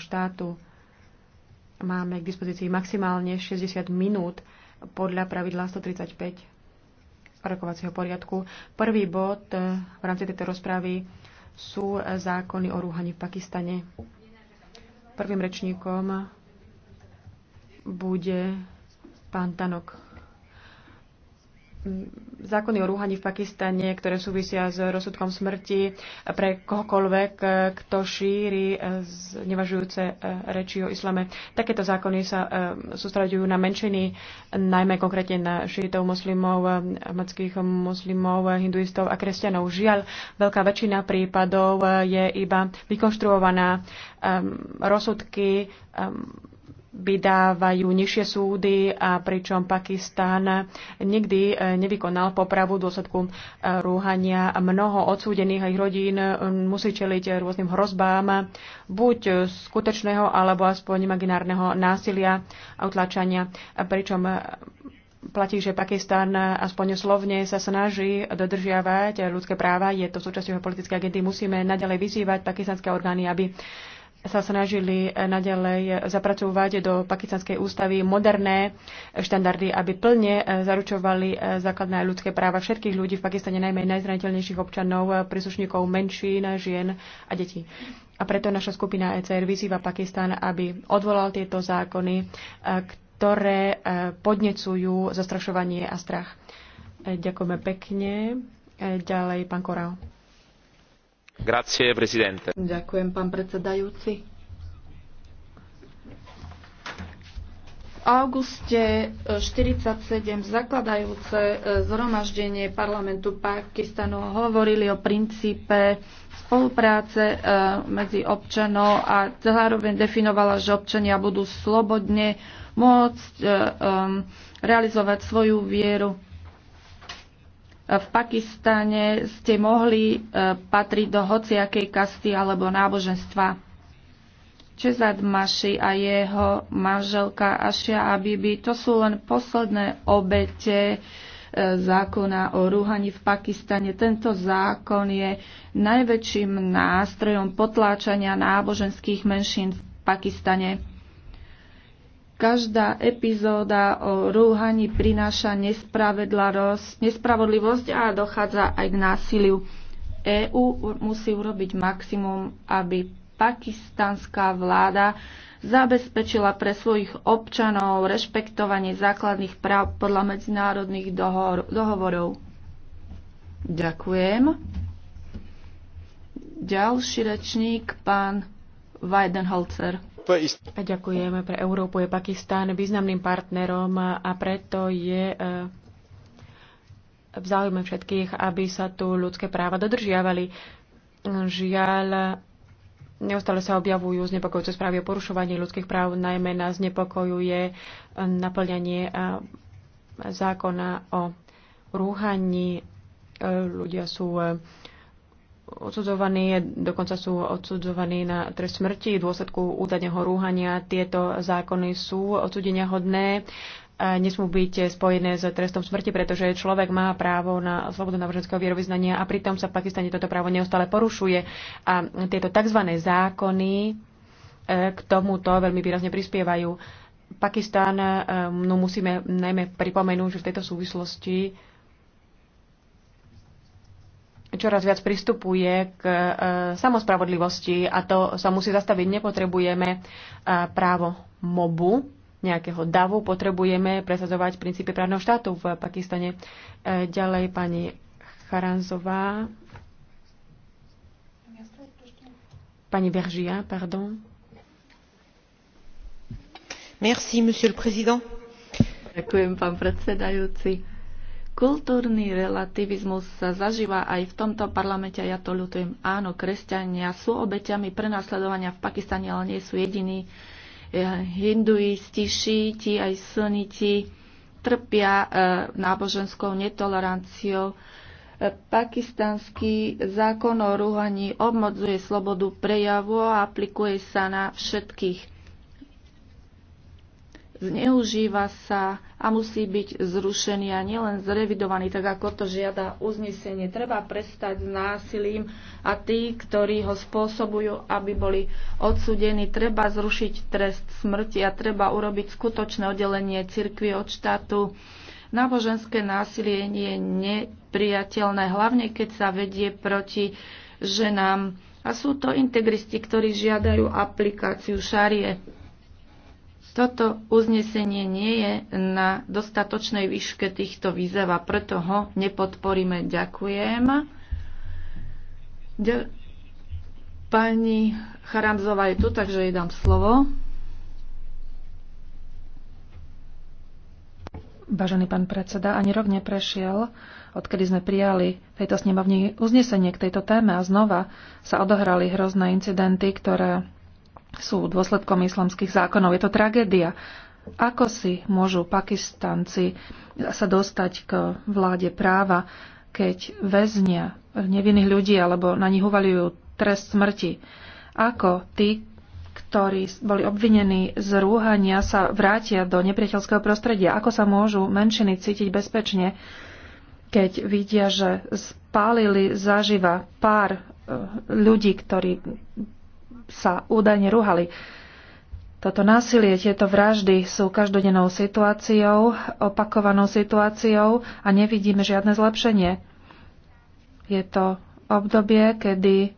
štátu. Máme k dispozícii maximálne 60 minút podľa pravidla 135 rokovacieho poriadku. Prvý bod e, v rámci tejto rozpravy sú zákony o rúhaní v Pakistane. Prvým rečníkom bude pán Tanok zákony o rúhaní v Pakistane, ktoré súvisia s rozsudkom smrti pre kohokoľvek, kto šíri e, nevažujúce e, reči o islame. Takéto zákony sa e, sústraďujú na menšiny, najmä konkrétne na šítov, moslimov, ahmadských moslimov, hinduistov a kresťanov. Žiaľ, veľká väčšina prípadov je iba vykonštruovaná. Rozsudky vydávajú nižšie súdy a pričom Pakistán nikdy eh, nevykonal popravu v dôsledku eh, rúhania. Mnoho odsúdených a ich rodín mm, musí čeliť rôznym hrozbám buď skutočného alebo aspoň imaginárneho násilia a utlačania, pričom eh, platí, že Pakistán aspoň slovne sa snaží dodržiavať ľudské práva. Je to súčasťou jeho politické agendy. Musíme naďalej vyzývať pakistanské orgány, aby sa snažili naďalej zapracovať do pakistanskej ústavy moderné štandardy, aby plne zaručovali základné ľudské práva všetkých ľudí v Pakistane, najmä najzraniteľnejších občanov, príslušníkov menšín, žien a detí. A preto naša skupina ECR vyzýva Pakistan, aby odvolal tieto zákony, ktoré e, podnecujú zastrašovanie a strach. E, ďakujeme pekne. E, ďalej pán Korau. Ďakujem, pán predsedajúci. V auguste 47 e, zakladajúce e, zhromaždenie parlamentu Pakistanu hovorili o princípe spolupráce e, medzi občanov a zároveň definovala, že občania budú slobodne môcť realizovať svoju vieru v Pakistane ste mohli e, patriť do hociakej kasty alebo náboženstva. Čezad Maši a jeho manželka Ašia Abibi, to sú len posledné obete e, zákona o rúhaní v Pakistane. Tento zákon je najväčším nástrojom potláčania náboženských menšín v Pakistane. Každá epizóda o rúhaní prináša nespravodlivosť a dochádza aj k násiliu. EÚ musí urobiť maximum, aby pakistanská vláda zabezpečila pre svojich občanov rešpektovanie základných práv podľa medzinárodných dohor- dohovorov. Ďakujem. Ďalší rečník, pán Weidenholzer. Ďakujeme. Pre Európu je Pakistán významným partnerom a preto je eh, v záujme všetkých, aby sa tu ľudské práva dodržiavali. Žiaľ, neustále sa objavujú znepokojúce správy o porušovaní ľudských práv, najmä nás znepokojuje eh, naplňanie eh, zákona o rúhaní. Ľudia sú odsudzovaní, dokonca sú odsudzovaní na trest smrti v dôsledku údajného rúhania. Tieto zákony sú odsudenia hodné nesmú byť spojené s trestom smrti, pretože človek má právo na slobodu náboženského vierovýznania a pritom sa v Pakistane toto právo neustále porušuje. A tieto tzv. zákony e, k tomuto veľmi výrazne prispievajú. Pakistán, e, no musíme najmä pripomenúť, že v tejto súvislosti čoraz viac pristupuje k e, samospravodlivosti a to sa musí zastaviť. Nepotrebujeme e, právo mobu, nejakého davu, potrebujeme presadzovať princípy právneho štátu v Pakistane. E, ďalej pani Charanzová. Pani Veržia, pardon. Merci, monsieur le président. Ďakujem, pán predsedajúci Kultúrny relativizmus sa zažíva aj v tomto parlamente ja to ľutujem. Áno, kresťania sú obeťami prenasledovania v Pakistane, ale nie sú jediní. E, hinduisti, šíti, aj suniti trpia e, náboženskou netoleranciou. E, pakistanský zákon o rúhaní obmodzuje slobodu prejavu a aplikuje sa na všetkých zneužíva sa a musí byť zrušený a nielen zrevidovaný, tak ako to žiada uznesenie. Treba prestať s násilím a tí, ktorí ho spôsobujú, aby boli odsudení, treba zrušiť trest smrti a treba urobiť skutočné oddelenie cirkvy od štátu. Náboženské násilie je nepriateľné, hlavne keď sa vedie proti ženám. A sú to integristi, ktorí žiadajú aplikáciu šarie. Toto uznesenie nie je na dostatočnej výške týchto výzev a preto ho nepodporíme. Ďakujem. Pani Charamzová je tu, takže jej dám slovo. Vážený pán predseda, ani rok neprešiel, odkedy sme prijali tejto snemovní uznesenie k tejto téme a znova sa odohrali hrozné incidenty, ktoré sú dôsledkom islamských zákonov. Je to tragédia. Ako si môžu Pakistanci sa dostať k vláde práva, keď väznia nevinných ľudí alebo na nich uvalujú trest smrti? Ako tí, ktorí boli obvinení z rúhania, sa vrátia do nepriateľského prostredia? Ako sa môžu menšiny cítiť bezpečne, keď vidia, že spálili zaživa pár eh, ľudí, ktorí sa údajne ruhali. Toto násilie, tieto vraždy sú každodennou situáciou, opakovanou situáciou a nevidíme žiadne zlepšenie. Je to obdobie, kedy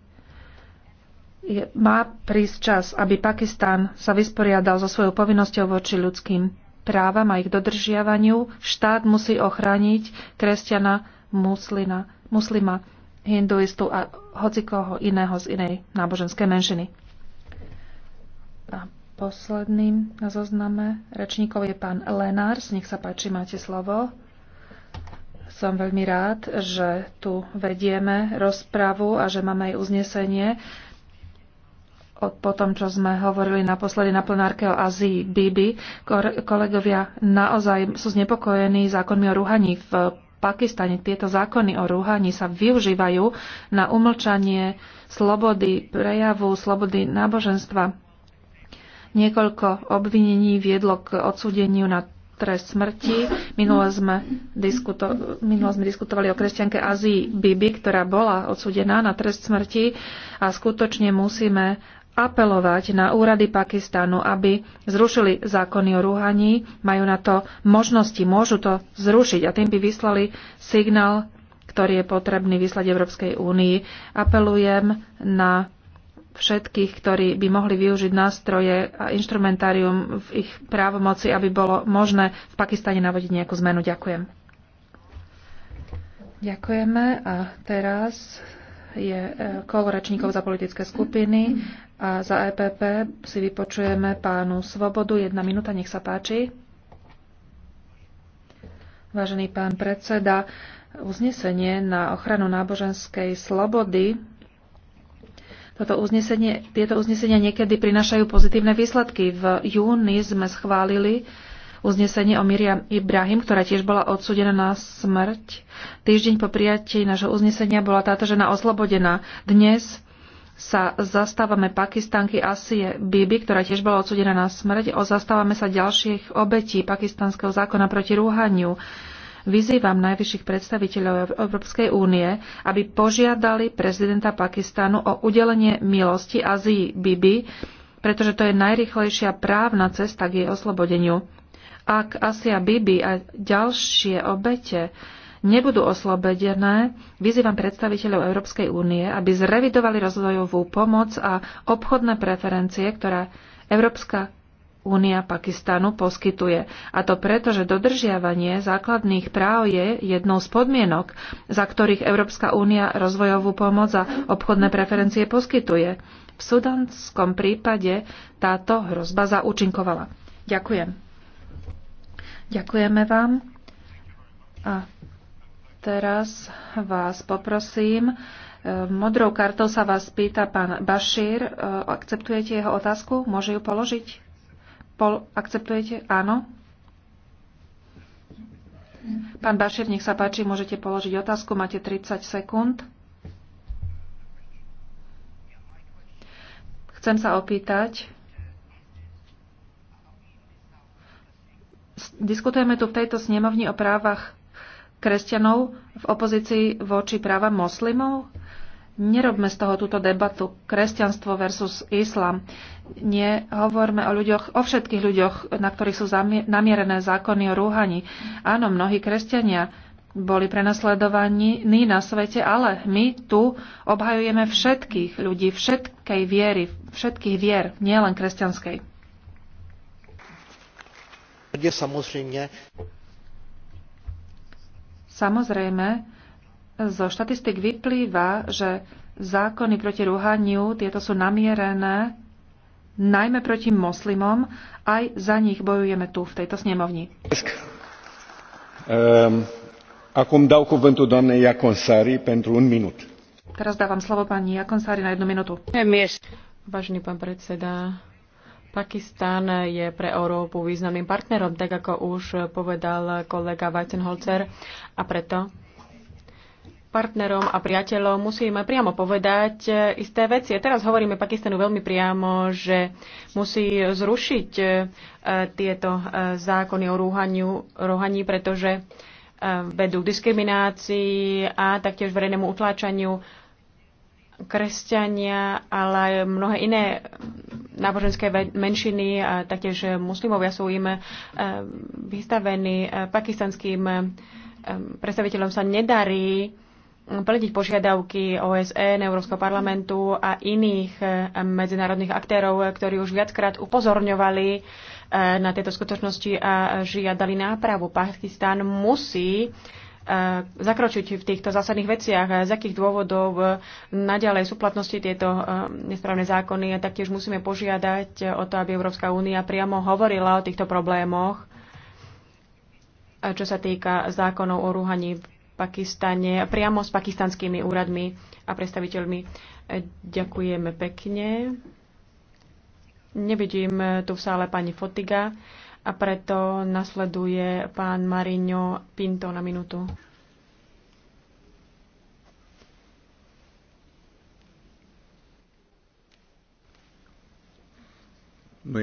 je, má prísť čas, aby Pakistan sa vysporiadal so svojou povinnosťou voči ľudským právam a ich dodržiavaniu. Štát musí ochrániť kresťana, muslina, muslima, hinduistu a hocikoho iného z inej náboženskej menšiny. A posledným na zozname rečníkov je pán Lenárs. Nech sa páči, máte slovo. Som veľmi rád, že tu vedieme rozpravu a že máme aj uznesenie od po tom, čo sme hovorili naposledy na plenárke o Azii Bibi. Kolegovia naozaj sú znepokojení zákonmi o rúhaní v Pakistane tieto zákony o rúhaní sa využívajú na umlčanie slobody prejavu, slobody náboženstva. Niekoľko obvinení viedlo k odsúdeniu na trest smrti. Minule sme, diskuto- minule sme diskutovali o kresťanke Azii Bibi, ktorá bola odsudená na trest smrti a skutočne musíme apelovať na úrady Pakistanu, aby zrušili zákony o rúhaní. Majú na to možnosti, môžu to zrušiť a tým by vyslali signál, ktorý je potrebný vyslať Európskej únii. Apelujem na všetkých, ktorí by mohli využiť nástroje a instrumentárium v ich právomoci, aby bolo možné v Pakistane navodiť nejakú zmenu. Ďakujem. Ďakujeme a teraz je e, kolo rečníkov za politické skupiny a za EPP si vypočujeme pánu Svobodu. Jedna minúta, nech sa páči. Vážený pán predseda, uznesenie na ochranu náboženskej slobody toto uznesenie, tieto uznesenia niekedy prinašajú pozitívne výsledky. V júni sme schválili uznesenie o Miriam Ibrahim, ktorá tiež bola odsudená na smrť. Týždeň po prijatí nášho uznesenia bola táto žena oslobodená. Dnes sa zastávame pakistanky Asie Bibi, ktorá tiež bola odsudená na smrť. O zastávame sa ďalších obetí pakistanského zákona proti rúhaniu. Vyzývam najvyšších predstaviteľov Európskej únie, aby požiadali prezidenta Pakistanu o udelenie milosti Azii Bibi, pretože to je najrychlejšia právna cesta k jej oslobodeniu. Ak Asia Bibi a ďalšie obete nebudú oslobodené, vyzývam predstaviteľov Európskej únie, aby zrevidovali rozvojovú pomoc a obchodné preferencie, ktorá Európska únia Pakistanu poskytuje. A to preto, že dodržiavanie základných práv je jednou z podmienok, za ktorých Európska únia rozvojovú pomoc a obchodné preferencie poskytuje. V sudanskom prípade táto hrozba zaúčinkovala. Ďakujem. Ďakujeme vám. A teraz vás poprosím. E, modrou kartou sa vás pýta pán Bašír. E, akceptujete jeho otázku? Môže ju položiť? Pol, akceptujete? Áno. Pán Bašír, nech sa páči, môžete položiť otázku. Máte 30 sekúnd. Chcem sa opýtať, Diskutujeme tu v tejto snemovni o právach kresťanov v opozícii voči práva moslimov. Nerobme z toho túto debatu kresťanstvo versus islam. Nehovorme o ľuďoch, o všetkých ľuďoch, na ktorých sú namierené zákony o rúhaní. Áno, mnohí kresťania boli prenasledovaní na svete, ale my tu obhajujeme všetkých ľudí, všetkej viery, všetkých vier, nielen kresťanskej kde samozrejme... Samozrejme, zo štatistik vyplýva, že zákony proti rúhaniu, tieto sú namierené najmä proti moslimom, aj za nich bojujeme tu, v tejto snemovni. Ehm, um, acum dau cuvântul doamnei Iaconsari pentru un minut. Teraz dávam slovo pani Jakonsári na jednu minútu. Vážený pán predseda, Pakistan je pre Európu významným partnerom, tak ako už povedal kolega Weizenholzer. A preto partnerom a priateľom musíme priamo povedať isté veci. A teraz hovoríme Pakistanu veľmi priamo, že musí zrušiť e, tieto e, zákony o rúhaniu, rúhaní, pretože e, vedú k diskriminácii a taktiež verejnému utláčaniu kresťania, ale aj mnohé iné náboženské menšiny a taktiež muslimovia sú im e, vystavení. E, pakistanským e, predstaviteľom sa nedarí plniť požiadavky OSN, Európskeho parlamentu a iných medzinárodných aktérov, ktorí už viackrát upozorňovali na tieto skutočnosti a žiadali nápravu. Pakistan musí E, zakročiť v týchto zásadných veciach, z akých dôvodov e, naďalej sú platnosti tieto e, nesprávne zákony a taktiež musíme požiadať o to, aby Európska únia priamo hovorila o týchto problémoch, čo sa týka zákonov o rúhaní v Pakistane, priamo s pakistanskými úradmi a predstaviteľmi. Ďakujeme pekne. Nevidím tu v sále pani Fotiga a preto nasleduje pán Marino Pinto na minútu. No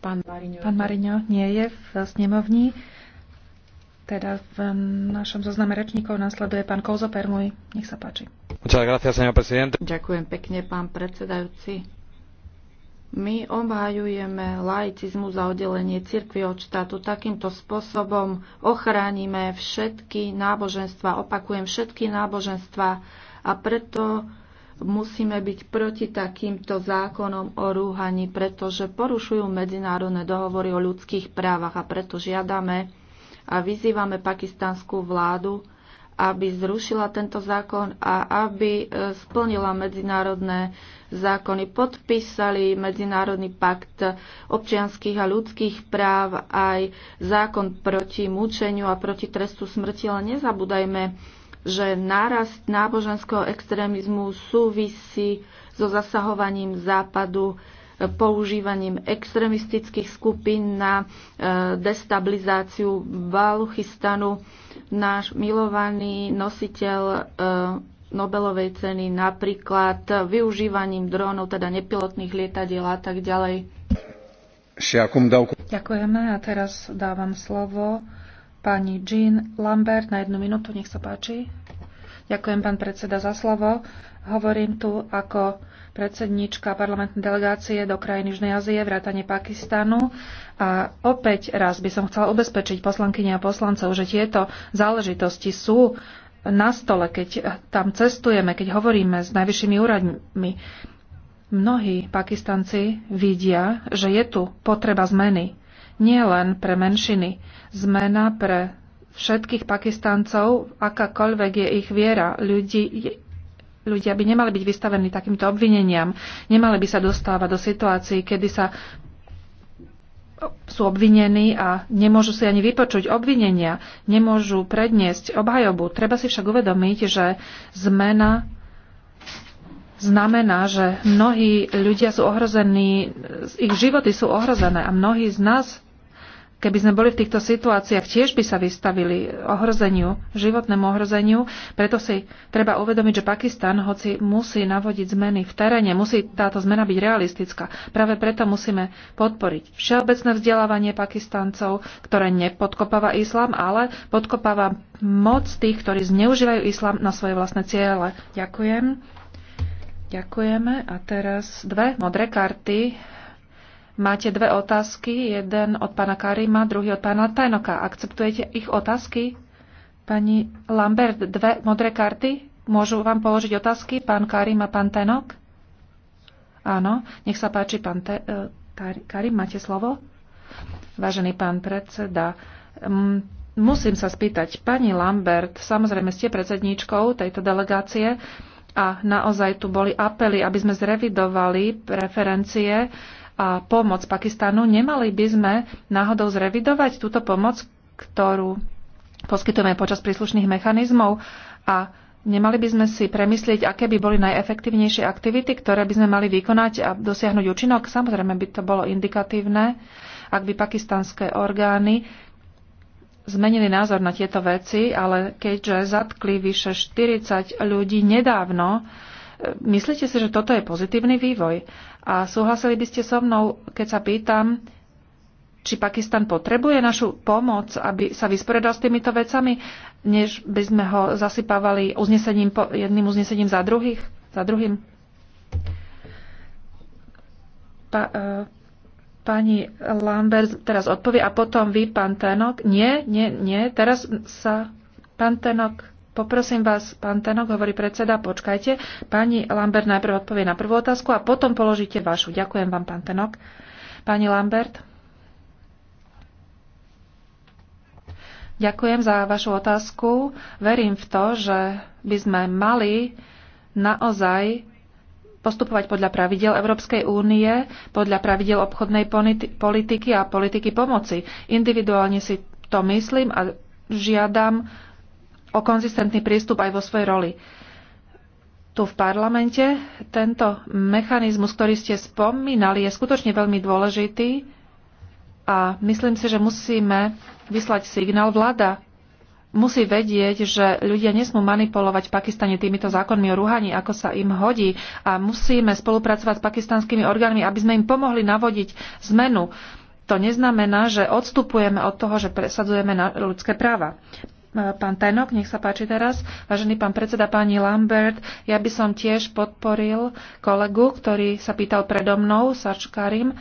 pán Marino. Pán Marino nie je v snemovni. Teda v našom zozname rečníkov nasleduje pán Kouzo Permuj. Nech sa páči. Ďakujem pekne, pán predsedajúci my obhajujeme laicizmu za oddelenie cirkvi od štátu. Takýmto spôsobom ochránime všetky náboženstva, opakujem všetky náboženstva a preto musíme byť proti takýmto zákonom o rúhaní, pretože porušujú medzinárodné dohovory o ľudských právach a preto žiadame a vyzývame pakistanskú vládu, aby zrušila tento zákon a aby e, splnila medzinárodné zákony. Podpísali Medzinárodný pakt občianských a ľudských práv, aj zákon proti mučeniu a proti trestu smrti, ale nezabúdajme, že nárast náboženského extrémizmu súvisí so zasahovaním západu používaním extremistických skupín na e, destabilizáciu Baluchistanu. Náš milovaný nositeľ e, Nobelovej ceny napríklad využívaním drónov, teda nepilotných lietadiel a tak ďalej. Ďakujeme a teraz dávam slovo pani Jean Lambert na jednu minútu, nech sa páči. Ďakujem, pán predseda, za slovo. Hovorím tu ako predsednička parlamentnej delegácie do krajiny Južnej Azie, vrátane Pakistanu. A opäť raz by som chcela ubezpečiť poslankyne a poslancov, že tieto záležitosti sú na stole, keď tam cestujeme, keď hovoríme s najvyššími úradmi. Mnohí Pakistanci vidia, že je tu potreba zmeny. Nie len pre menšiny. Zmena pre všetkých Pakistancov, akákoľvek je ich viera, ľudí, ľudia by nemali byť vystavení takýmto obvineniam, nemali by sa dostávať do situácií, kedy sa sú obvinení a nemôžu si ani vypočuť obvinenia, nemôžu predniesť obhajobu. Treba si však uvedomiť, že zmena znamená, že mnohí ľudia sú ohrození, ich životy sú ohrozené a mnohí z nás keby sme boli v týchto situáciách, tiež by sa vystavili ohrozeniu, životnému ohrozeniu. Preto si treba uvedomiť, že Pakistan, hoci musí navodiť zmeny v teréne, musí táto zmena byť realistická. Práve preto musíme podporiť všeobecné vzdelávanie Pakistancov, ktoré nepodkopáva islám, ale podkopáva moc tých, ktorí zneužívajú islám na svoje vlastné ciele. Ďakujem. Ďakujeme. A teraz dve modré karty Máte dve otázky, jeden od pána Karima, druhý od pána Tajnoka. Akceptujete ich otázky? Pani Lambert, dve modré karty? Môžu vám položiť otázky, pán Karim a pán Tenok? Áno, nech sa páči, pán Te, e, Karim, máte slovo? Vážený pán predseda, musím sa spýtať, pani Lambert, samozrejme ste predsedníčkou tejto delegácie a naozaj tu boli apely, aby sme zrevidovali preferencie a pomoc Pakistanu, nemali by sme náhodou zrevidovať túto pomoc, ktorú poskytujeme počas príslušných mechanizmov a nemali by sme si premyslieť, aké by boli najefektívnejšie aktivity, ktoré by sme mali vykonať a dosiahnuť účinok. Samozrejme by to bolo indikatívne, ak by pakistanské orgány zmenili názor na tieto veci, ale keďže zatkli vyše 40 ľudí nedávno, Myslíte si, že toto je pozitívny vývoj? A súhlasili by ste so mnou, keď sa pýtam, či Pakistan potrebuje našu pomoc, aby sa vysporiadal s týmito vecami, než by sme ho zasypávali uznesením po, jedným uznesením za, druhých, za druhým? Pa, uh, pani Lambert teraz odpovie a potom vy, pán Tenok. Nie, nie, nie. Teraz sa pán Tenok Poprosím vás, pán Tenok, hovorí predseda, počkajte. Pani Lambert najprv odpovie na prvú otázku a potom položíte vašu. Ďakujem vám, pán Tenok. Pani Lambert. Ďakujem za vašu otázku. Verím v to, že by sme mali naozaj postupovať podľa pravidel Európskej únie, podľa pravidel obchodnej politiky a politiky pomoci. Individuálne si to myslím a žiadam o konzistentný prístup aj vo svojej roli. Tu v parlamente tento mechanizmus, ktorý ste spomínali, je skutočne veľmi dôležitý a myslím si, že musíme vyslať signál. Vláda musí vedieť, že ľudia nesmú manipulovať v Pakistane týmito zákonmi o rúhaní, ako sa im hodí a musíme spolupracovať s pakistanskými orgánmi, aby sme im pomohli navodiť zmenu. To neznamená, že odstupujeme od toho, že presadzujeme ľudské práva. Pán Tenok, nech sa páči teraz. Vážený pán predseda, pani Lambert, ja by som tiež podporil kolegu, ktorý sa pýtal predo mnou, Sačkarim,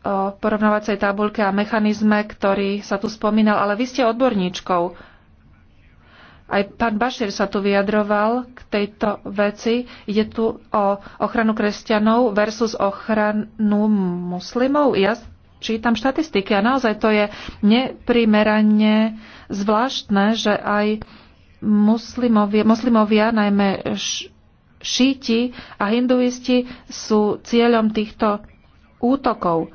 o porovnávacej tabulke a mechanizme, ktorý sa tu spomínal, ale vy ste odborníčkou. Aj pán Bašir sa tu vyjadroval k tejto veci. Ide tu o ochranu kresťanov versus ochranu muslimov. Ja čítam štatistiky a naozaj to je neprimerane zvláštne, že aj muslimovia, muslimovia najmä šíti a hinduisti sú cieľom týchto útokov.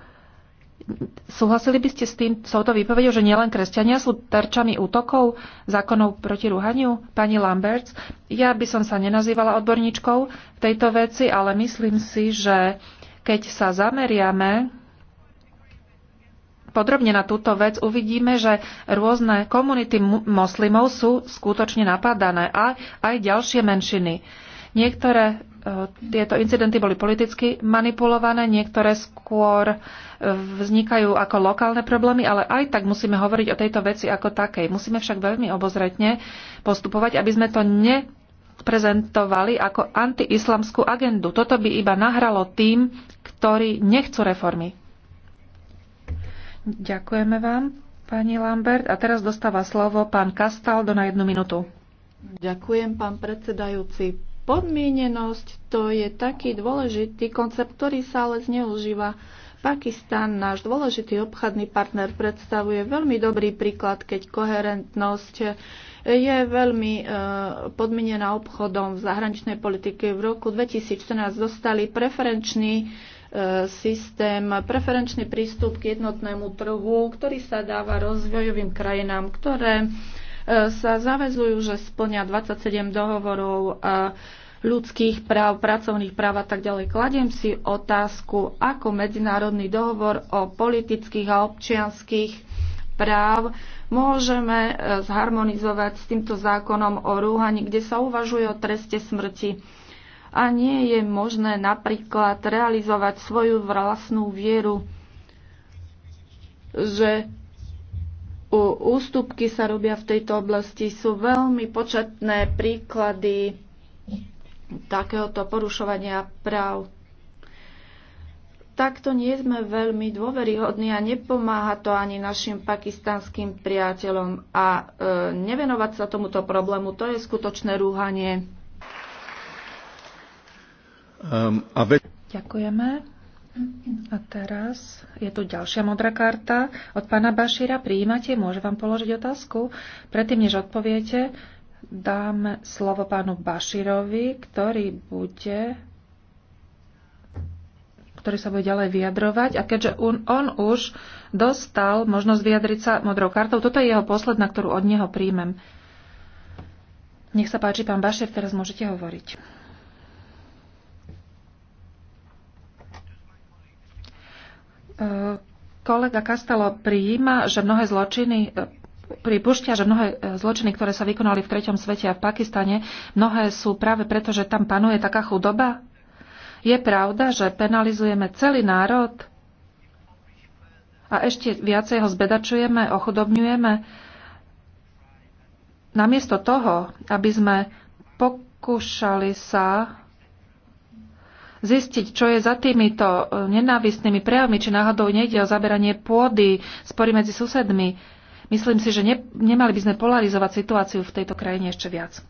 Súhlasili by ste s tým, sú to výpovedou, že nielen kresťania sú terčami útokov, zákonov proti ruhaniu? Pani Lamberts, ja by som sa nenazývala odborníčkou v tejto veci, ale myslím si, že keď sa zameriame podrobne na túto vec, uvidíme, že rôzne komunity moslimov sú skutočne napadané a aj ďalšie menšiny. Niektoré e, tieto incidenty boli politicky manipulované, niektoré skôr e, vznikajú ako lokálne problémy, ale aj tak musíme hovoriť o tejto veci ako takej. Musíme však veľmi obozretne postupovať, aby sme to neprezentovali ako antiislamskú agendu. Toto by iba nahralo tým, ktorí nechcú reformy. Ďakujeme vám, pani Lambert. A teraz dostáva slovo pán Kastaldo na jednu minútu. Ďakujem, pán predsedajúci. Podmienenosť to je taký dôležitý koncept, ktorý sa ale zneužíva. Pakistan, náš dôležitý obchodný partner, predstavuje veľmi dobrý príklad, keď koherentnosť je veľmi e, podmienená obchodom v zahraničnej politike. V roku 2014 dostali preferenčný E, systém, preferenčný prístup k jednotnému trhu, ktorý sa dáva rozvojovým krajinám, ktoré e, sa zavezujú, že splňa 27 dohovorov ľudských práv, pracovných práv a tak ďalej. Kladiem si otázku, ako medzinárodný dohovor o politických a občianských práv môžeme e, zharmonizovať s týmto zákonom o rúhaní, kde sa uvažuje o treste smrti a nie je možné napríklad realizovať svoju vlastnú vieru, že ústupky sa robia v tejto oblasti. Sú veľmi početné príklady takéhoto porušovania práv. Takto nie sme veľmi dôveryhodní a nepomáha to ani našim pakistanským priateľom. A e, nevenovať sa tomuto problému, to je skutočné rúhanie. Um, a ve- Ďakujeme. A teraz je tu ďalšia modrá karta od pána Bašíra. Prijímate? Môže vám položiť otázku? Predtým, než odpoviete, dám slovo pánu Bašírovi, ktorý bude ktorý sa bude ďalej vyjadrovať. A keďže on, on už dostal možnosť vyjadriť sa modrou kartou, toto je jeho posledná, ktorú od neho príjmem. Nech sa páči, pán Bašer, teraz môžete hovoriť. kolega Kastelo prijíma, že mnohé zločiny pripúšťa, že mnohé zločiny, ktoré sa vykonali v treťom svete a v Pakistane, mnohé sú práve preto, že tam panuje taká chudoba? Je pravda, že penalizujeme celý národ a ešte viacej ho zbedačujeme, ochudobňujeme? Namiesto toho, aby sme pokúšali sa zistiť, čo je za týmito e, nenávistnými prejavmi, či náhodou nejde o zaberanie pôdy, spory medzi susedmi. Myslím si, že ne, nemali by sme polarizovať situáciu v tejto krajine ešte viac.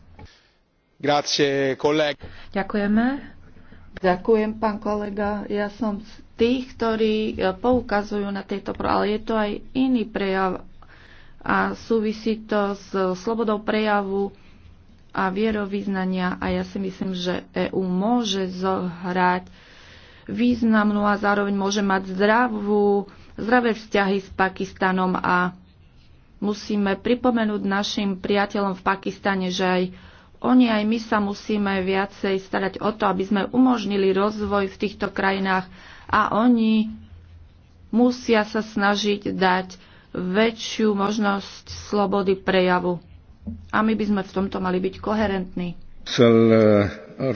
Grazie, kolega. Ďakujeme. Ďakujem, pán kolega. Ja som z tých, ktorí e, poukazujú na tejto, ale je to aj iný prejav a súvisí to s e, slobodou prejavu a vierovýznania a ja si myslím, že EÚ môže zohrať významnú a zároveň môže mať zdravú, zdravé vzťahy s Pakistanom a musíme pripomenúť našim priateľom v Pakistane, že aj oni aj my sa musíme viacej starať o to, aby sme umožnili rozvoj v týchto krajinách a oni musia sa snažiť dať väčšiu možnosť slobody prejavu. A my by sme v tomto mali byť koherentní. E,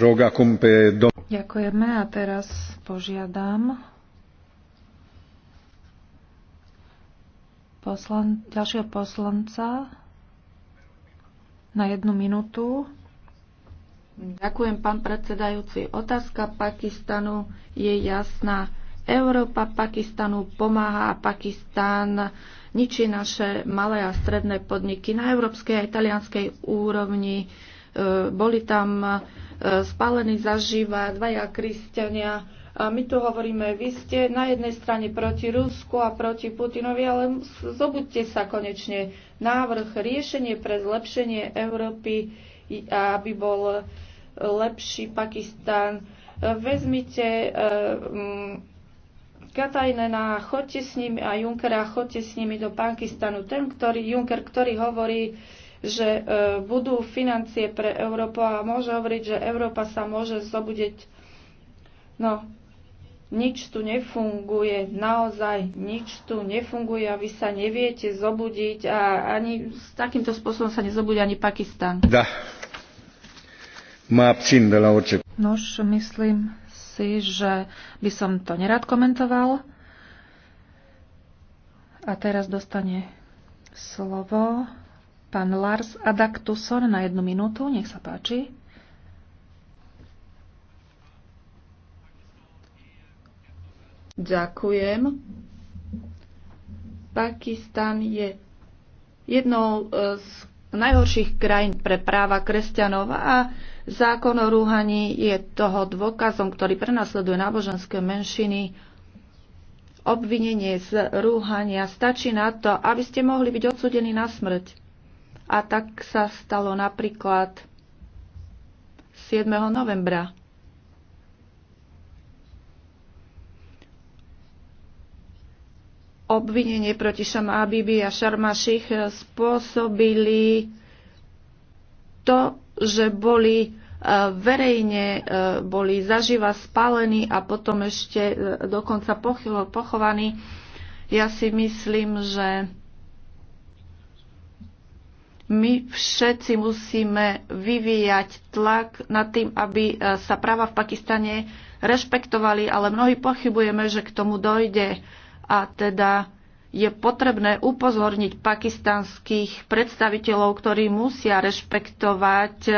Ďakujeme a teraz požiadam poslan- ďalšieho poslanca na jednu minútu. Ďakujem, pán predsedajúci. Otázka Pakistanu je jasná. Európa Pakistanu pomáha a Pakistán ničí naše malé a stredné podniky na európskej a italianskej úrovni. E, boli tam e, spálení zažíva dvaja kresťania. A my tu hovoríme, vy ste na jednej strane proti Rusku a proti Putinovi, ale zobudte sa konečne. Návrh riešenie pre zlepšenie Európy, aby bol lepší Pakistán. Vezmite e, Katajnena, chodte s nimi a Junkera, chodte s nimi do Pakistanu. Ten, ktorý, Juncker, ktorý hovorí, že e, budú financie pre Európu a môže hovoriť, že Európa sa môže zobudiť. No, nič tu nefunguje, naozaj nič tu nefunguje a vy sa neviete zobudiť a ani s takýmto spôsobom sa nezobudí ani Pakistan. Da. Nož, myslím, si, že by som to nerad komentoval. A teraz dostane slovo pán Lars Adaktuson na jednu minútu. Nech sa páči. Ďakujem. Pakistan je jednou z No, najhorších krajín pre práva kresťanov a zákon o rúhaní je toho dôkazom, ktorý prenasleduje náboženské menšiny. Obvinenie z rúhania stačí na to, aby ste mohli byť odsudení na smrť. A tak sa stalo napríklad 7. novembra obvinenie proti Šama Abibi a Šarmašich spôsobili to, že boli e, verejne e, boli zaživa spálení a potom ešte e, dokonca pochovaní. Ja si myslím, že my všetci musíme vyvíjať tlak nad tým, aby sa práva v Pakistane rešpektovali, ale mnohí pochybujeme, že k tomu dojde a teda je potrebné upozorniť pakistanských predstaviteľov, ktorí musia rešpektovať e,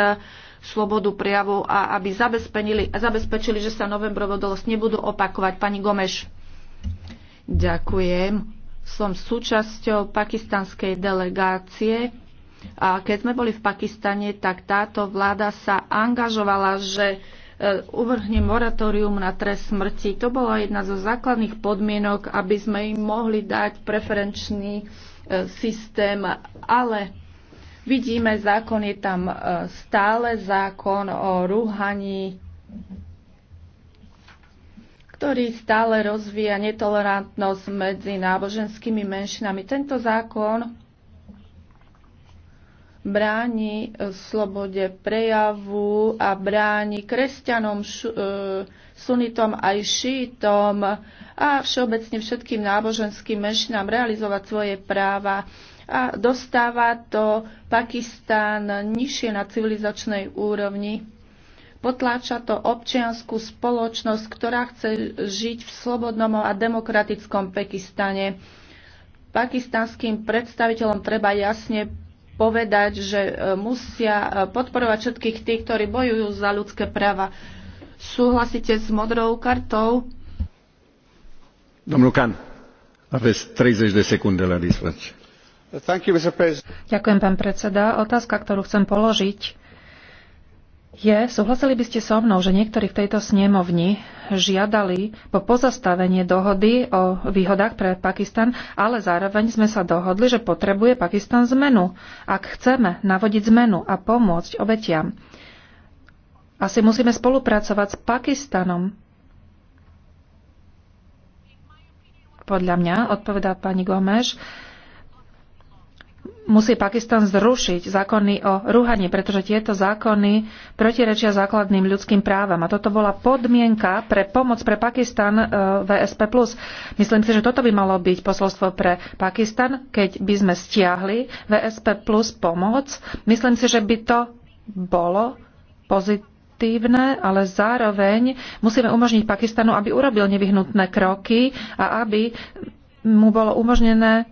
slobodu prijavu a aby zabezpečili, že sa novembrové dolosť nebudú opakovať. Pani Gomeš. Ďakujem. Som súčasťou pakistanskej delegácie a keď sme boli v Pakistane, tak táto vláda sa angažovala, že E, uvrhne moratórium na trest smrti. To bola jedna zo základných podmienok, aby sme im mohli dať preferenčný e, systém, ale vidíme, zákon je tam e, stále zákon o rúhaní ktorý stále rozvíja netolerantnosť medzi náboženskými menšinami. Tento zákon bráni e, slobode prejavu a bráni kresťanom, e, sunitom aj šítom a všeobecne všetkým náboženským menšinám realizovať svoje práva. A dostáva to Pakistán nižšie na civilizačnej úrovni. Potláča to občianskú spoločnosť, ktorá chce žiť v slobodnom a demokratickom Pakistane. Pakistanským predstaviteľom treba jasne povedať, že e, musia e, podporovať všetkých tých, ktorí bojujú za ľudské práva. Súhlasíte s modrou kartou? Domnul Khan, aveți 30 de secunde la dispoziție. Ďakujem, pán predseda. Otázka, ktorú chcem položiť, je, súhlasili by ste so mnou, že niektorí v tejto snemovni žiadali po pozastavenie dohody o výhodách pre Pakistan, ale zároveň sme sa dohodli, že potrebuje Pakistan zmenu, ak chceme navodiť zmenu a pomôcť obetiam. Asi musíme spolupracovať s Pakistanom. Podľa mňa, odpovedá pani Gomeš, musí Pakistan zrušiť zákony o rúhaní, pretože tieto zákony protirečia základným ľudským právam. A toto bola podmienka pre pomoc pre Pakistan e, VSP+. Myslím si, že toto by malo byť posolstvo pre Pakistan, keď by sme stiahli VSP plus pomoc. Myslím si, že by to bolo pozitívne, ale zároveň musíme umožniť Pakistanu, aby urobil nevyhnutné kroky a aby mu bolo umožnené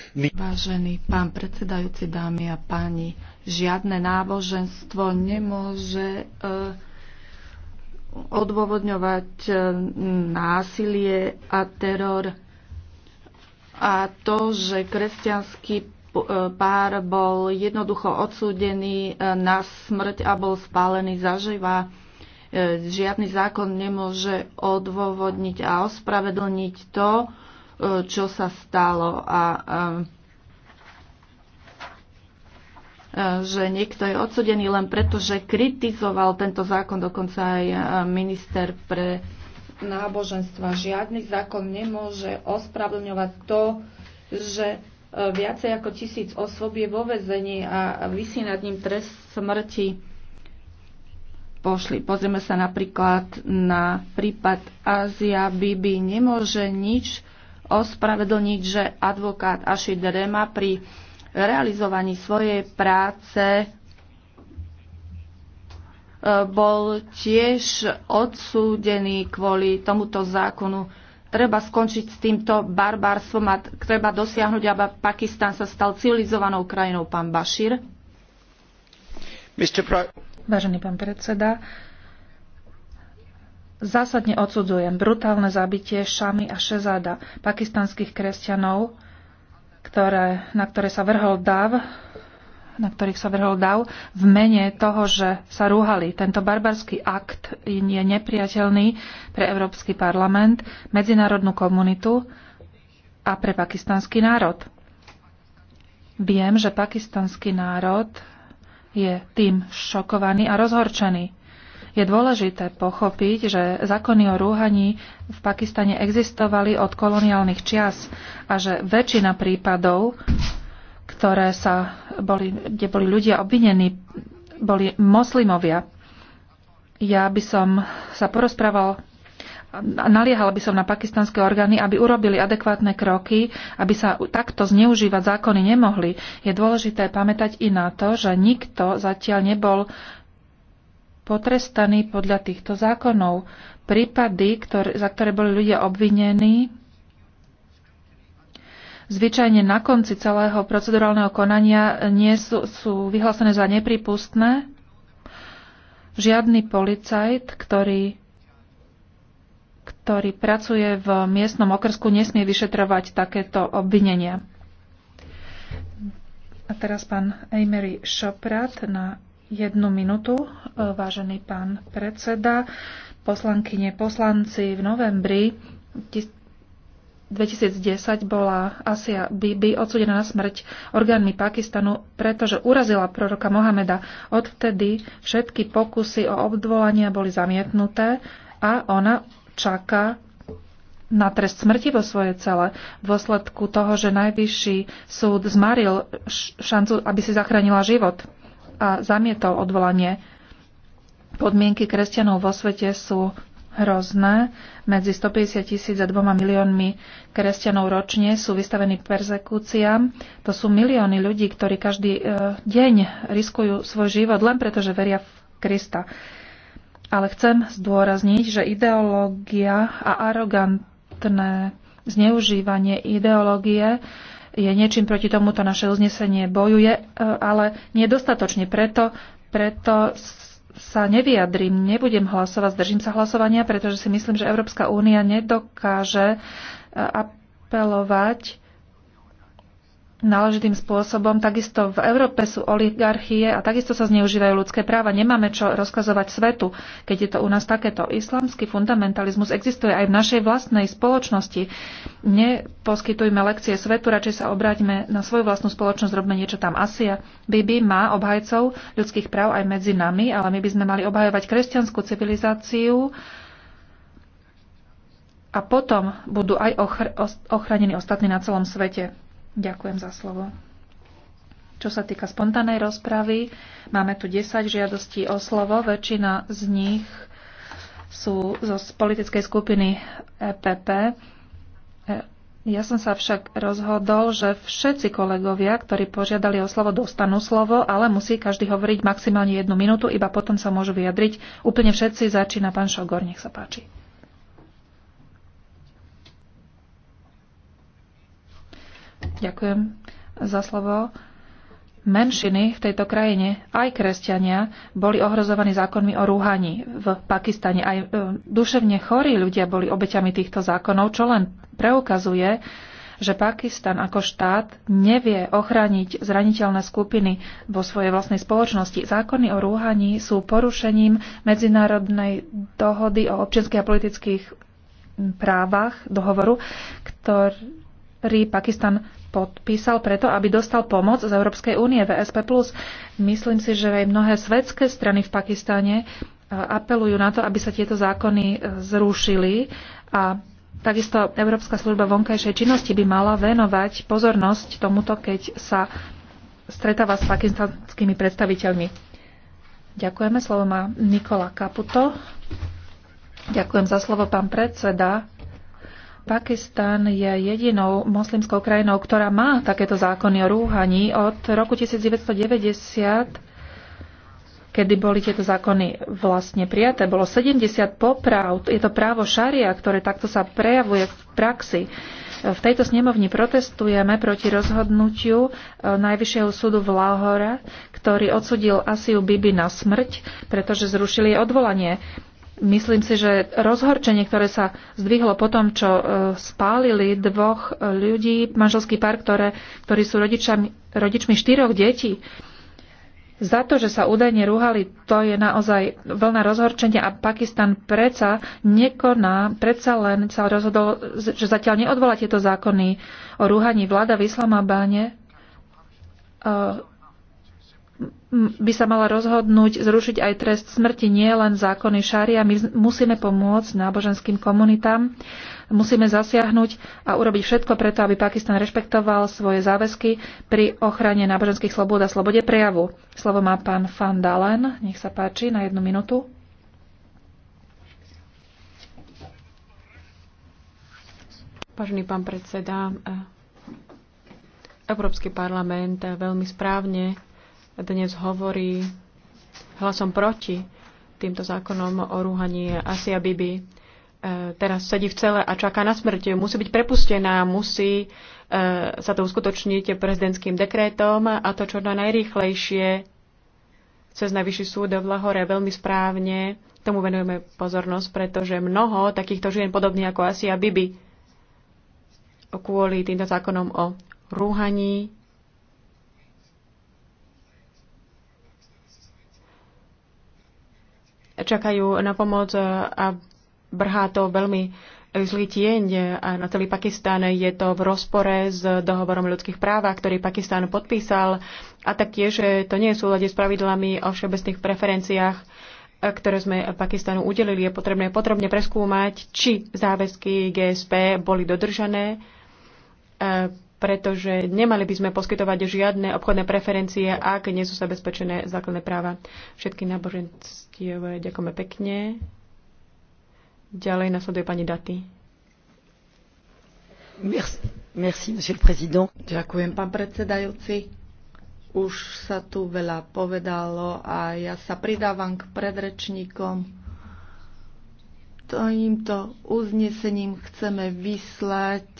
Vážený pán predsedajúci, dámy a páni, žiadne náboženstvo nemôže eh, odôvodňovať eh, násilie a teror a to, že kresťanský eh, pár bol jednoducho odsúdený na smrť a bol spálený zaživa. Žiadny zákon nemôže odôvodniť a ospravedlniť to, čo sa stalo a že niekto je odsudený len preto, že kritizoval tento zákon, dokonca aj minister pre náboženstva. Žiadny zákon nemôže ospravedlňovať to, že e, viacej ako tisíc osôb je vo vezení a vysí nad ním trest smrti. Pošli. Pozrieme sa napríklad na prípad Ázia Bibi. Nemôže nič ospravedlniť, že advokát Ašid Rema pri realizovaní svojej práce e, bol tiež odsúdený kvôli tomuto zákonu. Treba skončiť s týmto barbárstvom a treba dosiahnuť, aby Pakistan sa stal civilizovanou krajinou. Pán Bašir? Vážený pán predseda, Zásadne odsudzujem brutálne zabitie Šami a Šezada, pakistanských kresťanov, ktoré, na ktoré sa vrhol Dav, na ktorých sa vrhol dav, v mene toho, že sa rúhali. Tento barbarský akt je nepriateľný pre Európsky parlament, medzinárodnú komunitu a pre pakistanský národ. Viem, že pakistanský národ je tým šokovaný a rozhorčený. Je dôležité pochopiť, že zákony o rúhaní v Pakistane existovali od koloniálnych čias a že väčšina prípadov, ktoré sa boli, kde boli ľudia obvinení, boli moslimovia. Ja by som sa porozprával naliehal by som na pakistanské orgány, aby urobili adekvátne kroky, aby sa takto zneužívať zákony nemohli. Je dôležité pamätať i na to, že nikto zatiaľ nebol potrestaní podľa týchto zákonov. Prípady, ktoré, za ktoré boli ľudia obvinení, zvyčajne na konci celého procedurálneho konania nie sú, sú vyhlásené za nepripustné. Žiadny policajt, ktorý, ktorý pracuje v miestnom okrsku, nesmie vyšetrovať takéto obvinenia. A teraz pán Emery Šoprat na jednu minútu, e, vážený pán predseda, poslankyne, poslanci. V novembri 2010 bola Asia Bibi odsudená na smrť orgánmi Pakistanu, pretože urazila proroka Mohameda. Odvtedy všetky pokusy o obdvolania boli zamietnuté a ona čaká na trest smrti vo svojej cele v dôsledku toho, že najvyšší súd zmaril šancu, aby si zachránila život a zamietol odvolanie. Podmienky kresťanov vo svete sú hrozné. Medzi 150 tisíc a 2 miliónmi kresťanov ročne sú vystavení persekúciám. To sú milióny ľudí, ktorí každý e, deň riskujú svoj život len preto, že veria v Krista. Ale chcem zdôrazniť, že ideológia a arogantné zneužívanie ideológie je niečím proti tomuto naše uznesenie bojuje, e, ale nedostatočne. Preto, preto sa nevyjadrím, nebudem hlasovať, zdržím sa hlasovania, pretože si myslím, že Európska únia nedokáže e, apelovať náležitým spôsobom. Takisto v Európe sú oligarchie a takisto sa zneužívajú ľudské práva. Nemáme čo rozkazovať svetu, keď je to u nás takéto. Islamský fundamentalizmus existuje aj v našej vlastnej spoločnosti. Neposkytujme lekcie svetu, radšej sa obráťme na svoju vlastnú spoločnosť, robme niečo tam. Asia Bibi má obhajcov ľudských práv aj medzi nami, ale my by sme mali obhajovať kresťanskú civilizáciu, a potom budú aj ochr- ochranení ostatní na celom svete. Ďakujem za slovo. Čo sa týka spontánej rozpravy, máme tu 10 žiadostí o slovo. Väčšina z nich sú zo politickej skupiny EPP. E, ja som sa však rozhodol, že všetci kolegovia, ktorí požiadali o slovo, dostanú slovo, ale musí každý hovoriť maximálne jednu minútu, iba potom sa môžu vyjadriť. Úplne všetci začína pán Šogor, nech sa páči. Ďakujem za slovo. Menšiny v tejto krajine, aj kresťania, boli ohrozovaní zákonmi o rúhaní v Pakistane. Aj e, duševne chorí ľudia boli obeťami týchto zákonov, čo len preukazuje, že Pakistan ako štát nevie ochrániť zraniteľné skupiny vo svojej vlastnej spoločnosti. Zákony o rúhaní sú porušením medzinárodnej dohody o občianských a politických právach, dohovoru, ktorý Pakistan podpísal preto, aby dostal pomoc z Európskej únie VSP+. Myslím si, že aj mnohé svetské strany v Pakistane e, apelujú na to, aby sa tieto zákony e, zrušili a takisto Európska služba vonkajšej činnosti by mala venovať pozornosť tomuto, keď sa stretáva s pakistanskými predstaviteľmi. Ďakujeme. Slovo má Nikola Kaputo. Ďakujem za slovo, pán predseda. Pakistan je jedinou moslimskou krajinou, ktorá má takéto zákony o rúhaní. Od roku 1990, kedy boli tieto zákony vlastne prijaté, bolo 70 poprav. Je to právo šaria, ktoré takto sa prejavuje v praxi. V tejto snemovni protestujeme proti rozhodnutiu e, Najvyššieho súdu v Lahore, ktorý odsudil Asiu Bibi na smrť, pretože zrušili jej odvolanie. Myslím si, že rozhorčenie, ktoré sa zdvihlo po tom, čo e, spálili dvoch e, ľudí, manželský pár, ktoré, ktorí sú rodičami, rodičmi štyroch detí, za to, že sa údajne rúhali, to je naozaj vlna rozhorčenia a Pakistan predsa nekoná, predsa len sa rozhodol, že zatiaľ neodvolá tieto zákony o rúhaní vláda v Islamabáne e, by sa mala rozhodnúť zrušiť aj trest smrti, nie len zákony šária. My musíme pomôcť náboženským komunitám, musíme zasiahnuť a urobiť všetko preto, aby Pakistan rešpektoval svoje záväzky pri ochrane náboženských slobôd a slobode prejavu. Slovo má pán Van Dalen, nech sa páči, na jednu minútu. Vážený pán predseda, e, Európsky parlament e, veľmi správne dnes hovorí hlasom proti týmto zákonom o rúhaní Asia Bibi. E, teraz sedí v cele a čaká na smrť. Musí byť prepustená, musí e, sa to uskutočniť prezidentským dekrétom a to čo na najrýchlejšie cez najvyšší súd v Lahore veľmi správne. Tomu venujeme pozornosť, pretože mnoho takýchto žien podobných ako Asia Bibi kvôli týmto zákonom o rúhaní čakajú na pomoc a brhá to veľmi zlý tieň a na celý Pakistán. Je to v rozpore s dohovorom ľudských práv, ktorý Pakistán podpísal a taktiež eh, to nie je v súlade s pravidlami o všeobecných preferenciách eh, ktoré sme Pakistanu udelili, je potrebné potrebne preskúmať, či záväzky GSP boli dodržané eh, pretože nemali by sme poskytovať žiadne obchodné preferencie, ak nie sú zabezpečené základné práva Všetky náboženstiev. Ďakujeme pekne. Ďalej nasleduje pani Daty. Merci, merci, monsieur le président. Ďakujem, pán predsedajúci. Už sa tu veľa povedalo a ja sa pridávam k predrečníkom. Týmto uznesením chceme vyslať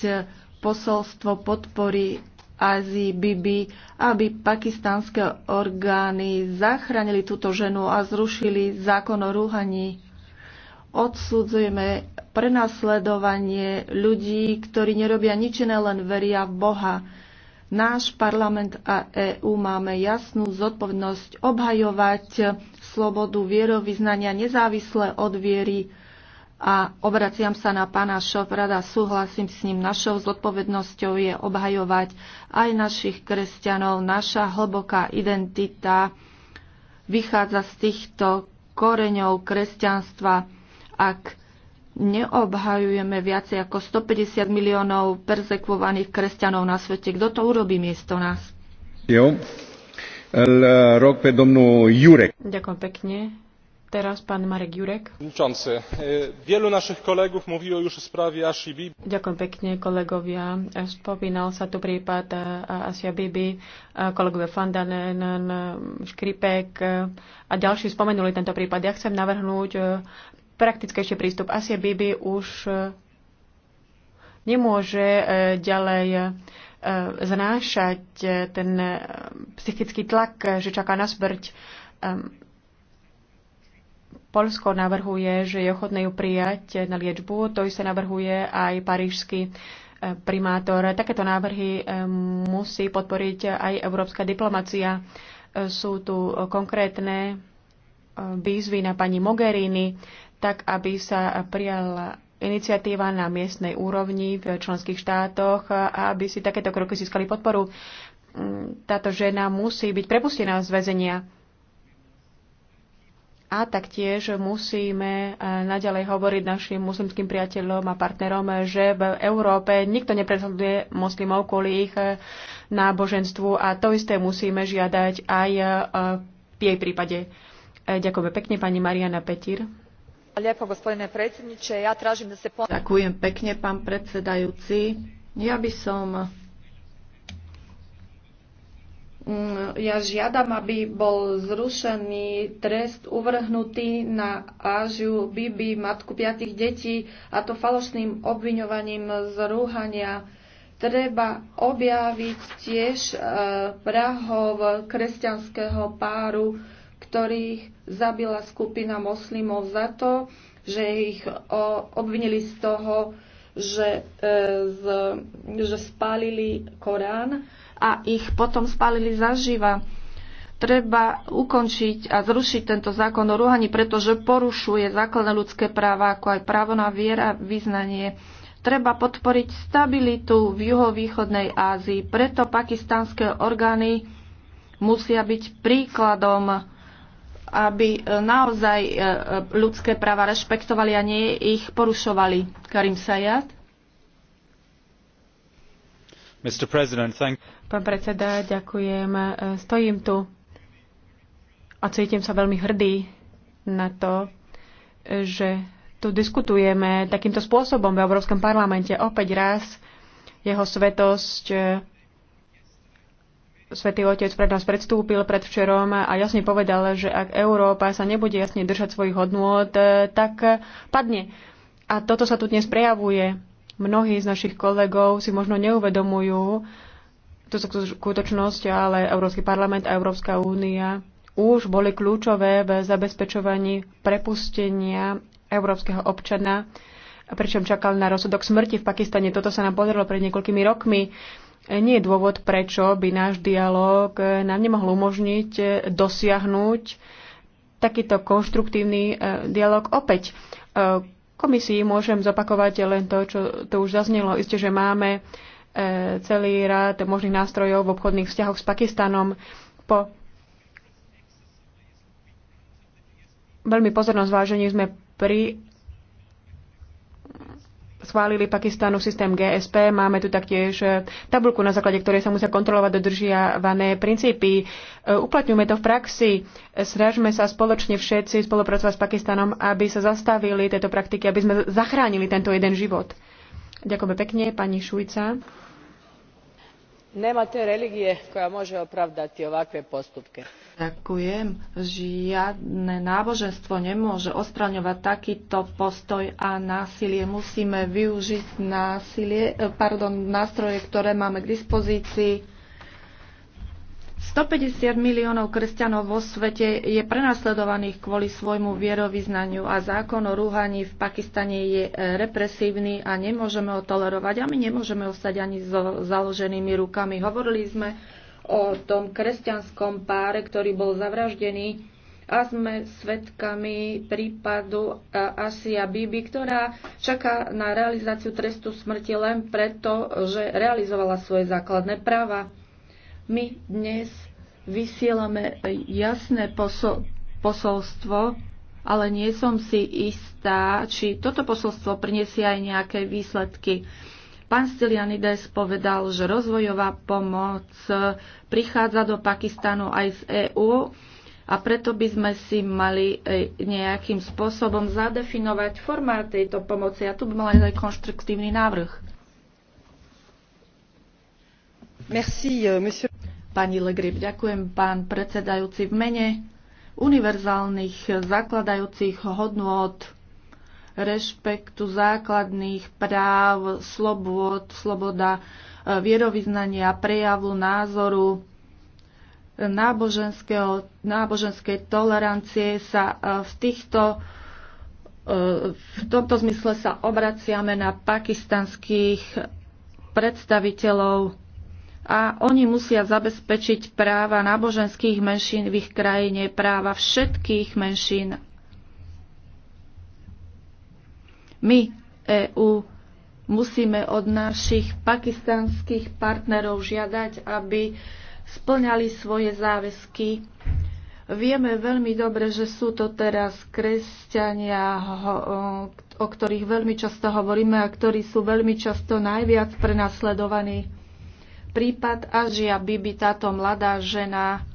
posolstvo podpory Ázii Bibi, aby pakistanské orgány zachránili túto ženu a zrušili zákon o rúhaní. Odsudzujeme prenasledovanie ľudí, ktorí nerobia nič iné, len veria v Boha. Náš parlament a EÚ máme jasnú zodpovednosť obhajovať slobodu vierovýznania nezávisle od viery a obraciam sa na pána Šofrada, súhlasím s ním. Našou zodpovednosťou je obhajovať aj našich kresťanov. Naša hlboká identita vychádza z týchto koreňov kresťanstva. Ak neobhajujeme viacej ako 150 miliónov perzekvovaných kresťanov na svete, kto to urobí miesto nás? Jo. Eh, Ďakujem pekne. Teraz pán Marek Jurek. E, wielu naszych kolegów mówiło już o sprawie Asi Bibi. Ďakujem pekne, kolegovia. E, spomínal sa tu prípad e, Asia Bibi, kolegovia Fandanen, Škripek a ďalší spomenuli tento prípad. Ja chcem navrhnúť praktickejší prístup. Asia Bibi už nemôže ďalej znášať ten psychický tlak, že čaká na smrť Polsko navrhuje, že je ochotné ju prijať na liečbu, to sa navrhuje aj parížsky e, primátor. Takéto návrhy e, musí podporiť aj európska diplomacia. E, sú tu konkrétne výzvy na pani Mogherini, tak aby sa prijala iniciatíva na miestnej úrovni v členských štátoch a aby si takéto kroky získali podporu. Mm, táto žena musí byť prepustená z väzenia a taktiež musíme e, naďalej hovoriť našim muslimským priateľom a partnerom, že v Európe nikto nepredhoduje moslimov kvôli ich e, náboženstvu a to isté musíme žiadať aj e, v jej prípade. Ďakujem pekne pani Mariana Petír. Ďakujem pekne, pán predsedajúci. Ja by som Mm, ja žiadam, aby bol zrušený trest uvrhnutý na Ážiu Bibi, matku piatých detí, a to falošným obviňovaním z Treba objaviť tiež prahov e, kresťanského páru, ktorých zabila skupina moslimov za to, že ich obvinili z toho, že, e, že spálili Korán a ich potom spálili zaživa. Treba ukončiť a zrušiť tento zákon o rúhaní, pretože porušuje základné ľudské práva, ako aj právo na viera a vyznanie. Treba podporiť stabilitu v juhovýchodnej Ázii, preto pakistánske orgány musia byť príkladom aby e, naozaj e, e, ľudské práva rešpektovali a nie ich porušovali. Karim Sayad. Pán predseda, ďakujem. E, stojím tu a cítim sa veľmi hrdý na to, že tu diskutujeme takýmto spôsobom v Európskom parlamente. Opäť raz jeho svetosť e, Svetý Otec pred nás predstúpil predvčerom a jasne povedal, že ak Európa sa nebude jasne držať svojich hodnôt, e, tak padne. A toto sa tu dnes prejavuje Mnohí z našich kolegov si možno neuvedomujú túto skutočnosť, ale Európsky parlament a Európska únia už boli kľúčové v zabezpečovaní prepustenia európskeho občana, pričom čakal na rozsudok smrti v Pakistane. Toto sa nám podarilo pred niekoľkými rokmi. Nie je dôvod, prečo by náš dialog nám nemohol umožniť dosiahnuť takýto konštruktívny eh, dialog opäť eh, Komisii môžem zopakovať len to, čo to už zaznelo. Isté, že máme e, celý rád možných nástrojov v obchodných vzťahoch s Pakistanom. Po veľmi pozornom zvážení sme pri schválili Pakistanu systém GSP. Máme tu taktiež e, tabulku, na základe ktorej sa musia kontrolovať dodržiavané princípy. E, uplatňujme to v praxi. Snažme sa spoločne všetci spolupracovať s Pakistanom, aby sa zastavili tieto praktiky, aby sme zachránili tento jeden život. Ďakujeme pekne, pani Šujca nema te religije koja moe opravdati ovakve postupke. Ďakujem. Žiadne náboženstvo nemôže ospraňovať takýto postoj a násilie. Musíme využiť násilie, eh, pardon, nástroje, ktoré máme k dispozícii 150 miliónov kresťanov vo svete je prenasledovaných kvôli svojmu vierovýznaniu a zákon o rúhaní v Pakistane je e, represívny a nemôžeme ho tolerovať a my nemôžeme ostať ani so založenými rukami. Hovorili sme o tom kresťanskom páre, ktorý bol zavraždený a sme svetkami prípadu e, Asia Bibi, ktorá čaká na realizáciu trestu smrti len preto, že realizovala svoje základné práva. My dnes vysielame jasné posol, posolstvo, ale nie som si istá, či toto posolstvo prinesie aj nejaké výsledky. Pán Stylianides povedal, že rozvojová pomoc prichádza do Pakistanu aj z EÚ a preto by sme si mali e, nejakým spôsobom zadefinovať formát tejto pomoci. A tu by mal aj konštruktívny návrh. Merci, euh, monsieur. Pani Legrib, ďakujem pán predsedajúci v mene univerzálnych zakladajúcich hodnôt rešpektu základných práv, slobod, sloboda e, vierovýznania, prejavu názoru, náboženskej tolerancie sa e, v týchto e, v tomto zmysle sa obraciame na pakistanských predstaviteľov a oni musia zabezpečiť práva náboženských menšín v ich krajine, práva všetkých menšín. My, EÚ, musíme od našich pakistanských partnerov žiadať, aby splňali svoje záväzky. Vieme veľmi dobre, že sú to teraz kresťania, o ktorých veľmi často hovoríme a ktorí sú veľmi často najviac prenasledovaní Prípad Ažia Bibi, táto mladá žena,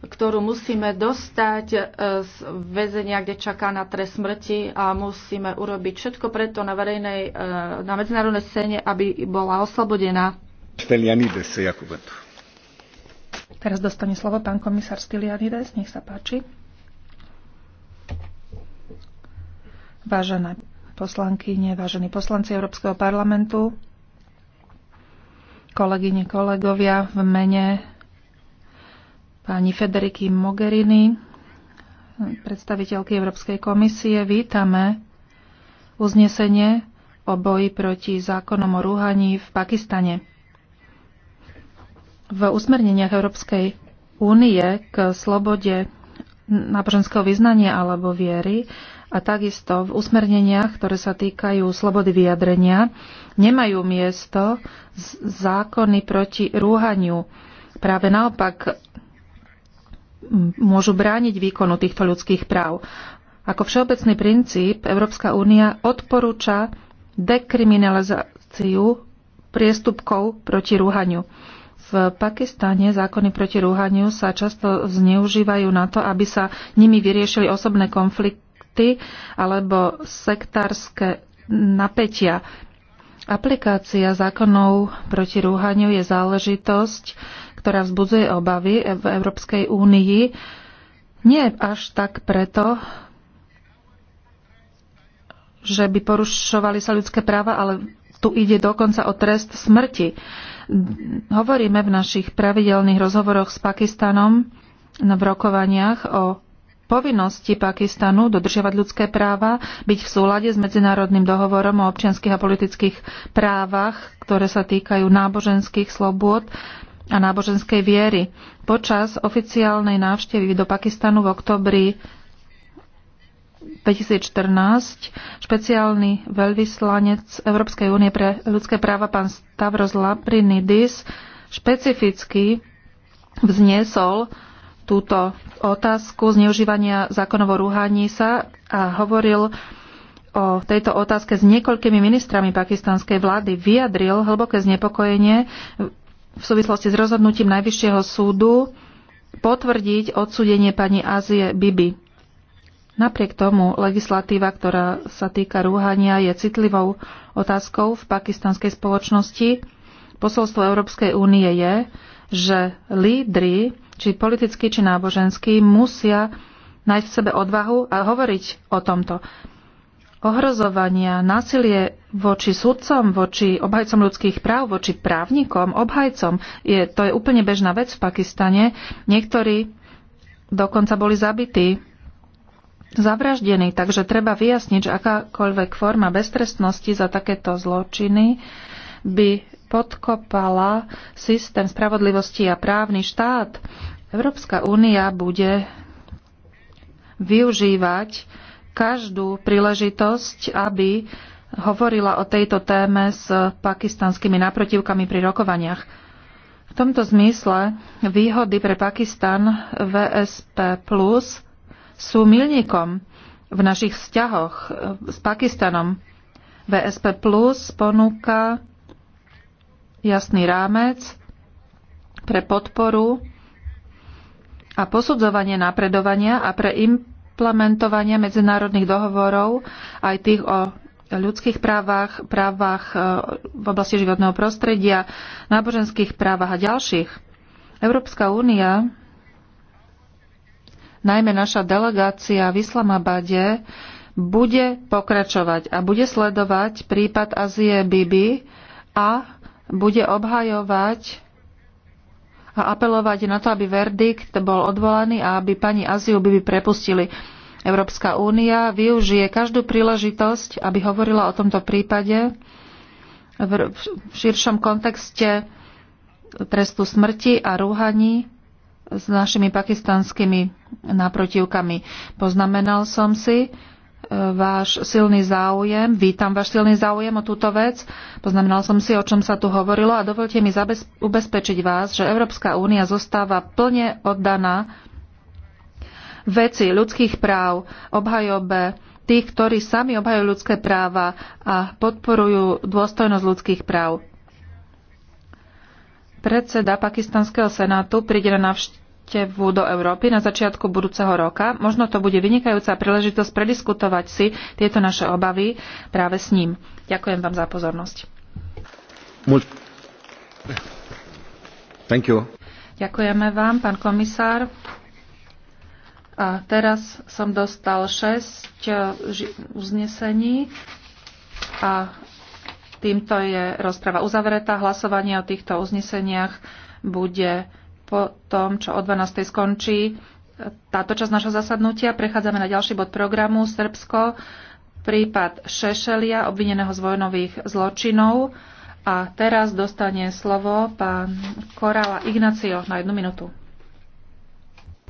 ktorú musíme dostať e, z väzenia, kde čaká na trest smrti a musíme urobiť všetko preto na, verejnej, e, na medzinárodnej scéne, aby bola oslobodená. Teraz dostane slovo pán komisár Stylianides, nech sa páči. Vážené poslankyne, vážení poslanci Európskeho parlamentu, kolegyne, kolegovia, v mene pani Federiky Mogherini, predstaviteľky Európskej komisie, vítame uznesenie o boji proti zákonom o rúhaní v Pakistane. V usmerneniach Európskej únie k slobode náboženského vyznania alebo viery a takisto v usmerneniach, ktoré sa týkajú slobody vyjadrenia, nemajú miesto zákony proti rúhaniu. Práve naopak môžu brániť výkonu týchto ľudských práv. Ako všeobecný princíp Európska únia odporúča dekriminalizáciu priestupkov proti rúhaniu. V Pakistane zákony proti rúhaniu sa často zneužívajú na to, aby sa nimi vyriešili osobné konflikty alebo sektárske napätia. Aplikácia zákonov proti rúhaniu je záležitosť, ktorá vzbudzuje obavy v Európskej únii. Nie až tak preto, že by porušovali sa ľudské práva, ale tu ide dokonca o trest smrti. Hovoríme v našich pravidelných rozhovoroch s Pakistanom v rokovaniach o povinnosti Pakistanu dodržiavať ľudské práva, byť v súlade s Medzinárodným dohovorom o občianských a politických právach, ktoré sa týkajú náboženských slobôd a náboženskej viery. Počas oficiálnej návštevy do Pakistanu v oktobri 2014 špeciálny veľvyslanec Európskej únie pre ľudské práva pán Stavros Labrinidis špecificky vzniesol túto otázku zneužívania zákonov o rúhaní sa a hovoril o tejto otázke s niekoľkými ministrami pakistanskej vlády. Vyjadril hlboké znepokojenie v súvislosti s rozhodnutím Najvyššieho súdu potvrdiť odsúdenie pani Azie Bibi. Napriek tomu legislatíva, ktorá sa týka rúhania, je citlivou otázkou v pakistanskej spoločnosti. Posolstvo Európskej únie je, že lídry či politicky, či náboženský, musia nájsť v sebe odvahu a hovoriť o tomto. Ohrozovania, násilie voči sudcom, voči obhajcom ľudských práv, voči právnikom, obhajcom, je, to je úplne bežná vec v Pakistane. Niektorí dokonca boli zabití, zavraždení, takže treba vyjasniť, že akákoľvek forma beztrestnosti za takéto zločiny by podkopala systém spravodlivosti a právny štát, Európska únia bude využívať každú príležitosť, aby hovorila o tejto téme s pakistanskými naprotivkami pri rokovaniach. V tomto zmysle výhody pre Pakistan VSP Plus sú milníkom v našich vzťahoch s Pakistanom. VSP Plus ponúka jasný rámec pre podporu a posudzovanie napredovania a pre implementovanie medzinárodných dohovorov aj tých o ľudských právach, právach e, v oblasti životného prostredia, náboženských právach a ďalších. Európska únia, najmä naša delegácia v Islamabade, bude pokračovať a bude sledovať prípad Azie Bibi a bude obhajovať a apelovať na to, aby verdikt bol odvolaný a aby pani Aziu by, by prepustili. Európska únia využije každú príležitosť, aby hovorila o tomto prípade v širšom kontexte trestu smrti a rúhaní s našimi pakistanskými náprotivkami. Poznamenal som si, váš silný záujem. Vítam váš silný záujem o túto vec. Poznamenal som si, o čom sa tu hovorilo a dovolte mi ubezpečiť vás, že Európska únia zostáva plne oddaná veci ľudských práv, obhajobe tých, ktorí sami obhajujú ľudské práva a podporujú dôstojnosť ľudských práv. Predseda Pakistanského senátu príde na navšt- návštevu do Európy na začiatku budúceho roka. Možno to bude vynikajúca príležitosť prediskutovať si tieto naše obavy práve s ním. Ďakujem vám za pozornosť. Thank you. Ďakujeme vám, pán komisár. A teraz som dostal 6 eh, uznesení a týmto je rozprava uzavretá. Hlasovanie o týchto uzneseniach bude po tom, čo o 12. skončí táto časť našho zasadnutia. Prechádzame na ďalší bod programu Srbsko, prípad Šešelia, obvineného z vojnových zločinov. A teraz dostane slovo pán Korala Ignacio na jednu minútu.